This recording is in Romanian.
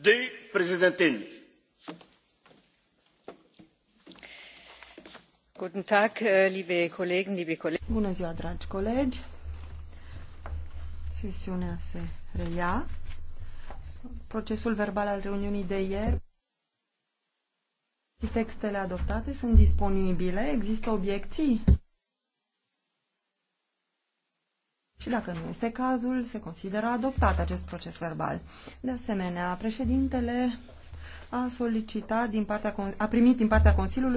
de präsidentin! Äh, bună ziua dragi colegi sesiunea se reia procesul verbal al reuniunii de ieri și textele adoptate sunt disponibile există obiecții? și dacă nu este cazul, se consideră adoptat acest proces verbal. De asemenea, președintele a solicitat din partea, a primit din partea Consiliului